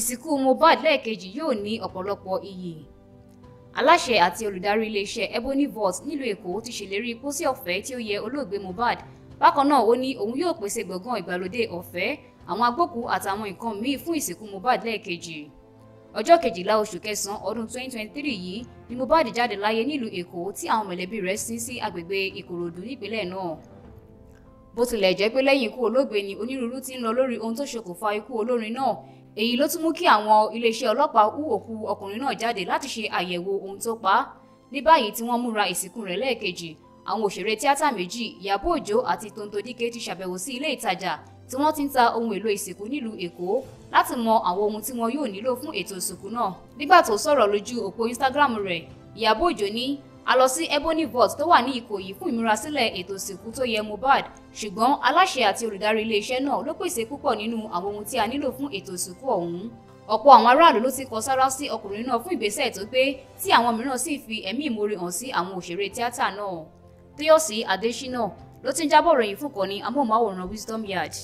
Ìsìnkú Mohbad lẹ́ẹ̀kejì yóò ní ọ̀pọ̀lọpọ̀ iyì. Aláṣẹ àti olùdarí iléeṣẹ́ Ebony Vault nílùú Èkó ti ṣèlérí pósí ọ̀fẹ́ tí ó yẹ olóògbé Mohbad. Bákan náà ó ní òun yóò pèsè gbọ̀ngàn ìgbàlódé ọ̀fẹ́ àwọn agbókù àtàwọn nǹkan míì fún ìsìnkú Mohbad lẹ́ẹ̀kejì. Ọjọ́ kejìlá oṣù kẹsàn-án ọdún 2023 yìí ni Mohbad jáde láyé nílùú Èkó tí àwọn mọ̀lẹ́bí rẹ̀ sin sí agbègbè Ìkòròdú nípínlẹ̀ náà. Bó tilẹ̀ jẹ́ pé lẹ́yìn ikú olóògbé ni onírúurú ti ń lọ lórí ohun tó ṣokùnfà ikú olórin náà èyí ló tún mú kí àwọn iléeṣẹ́ ọlọ́pàá hú òkú ọkùnrin náà jáde láti ṣe àyẹ̀wò ohun tó pa á ní báyìí tí wọ́n múra ìsìnkú rẹ̀ lẹ́ẹ̀kejì àwọn òṣèré tíátà méjì ìyàbọ̀ òjó àti tonto díke ti ṣàbẹ̀wò sí ilé ìtajà tí wọ́n ti ń ta ohun èlò ìsìnkú nílùú èkó láti mọ àwọn ohun tí wọn yóò nílò fún ètò ìsìnkú náà nígbà tó sọ̀rọ̀ lójú òpó instagram rẹ̀ ìyàbọ̀ òjó ní a lọ sí Ebony vault tó wà ní Ìkòyí fún ìmúrasílẹ̀ ètò ìsìnkú tó yẹ Mohbad ṣùgbọ́n aláṣẹ àti olùdarí iléeṣẹ́ náà ló pèsè púpọ̀ nínú àwọn ohun tí a nílò fún ètò ìsìnkú ọ̀hún ọ̀pọ̀ àwọn aráàlú ló ti kọ sára sí ọkùnrin náà fún ìgbésẹ̀ tó gbé tí àwọn mìíràn sì fi ẹ̀mí ìmoore hàn sí àwọn òṣèré tíátà náà Tóyọ̀sí Adéṣínà ló ti ń jábọ̀ ròyìn fún ìkànnì amóhùnmáwòrán Wisdom Yard